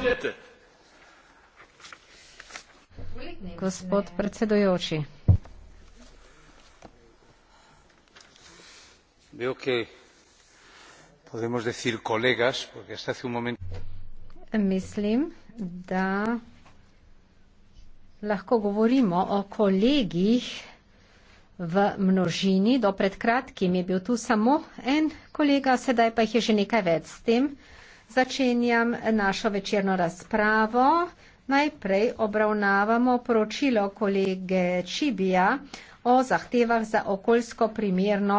izvolite. Gospod predsedujoči. Veo que podemos decir colegas, porque hasta hace un momento. Mislim, da lahko govorimo o kolegih v množini. Do pred kratkim je bil tu samo en kolega, sedaj pa jih je že nekaj več s tem. Uh, Začenjam našo večerno razpravo. Najprej obravnavamo poročilo kolege Čibija o zahtevah za okoljsko primerno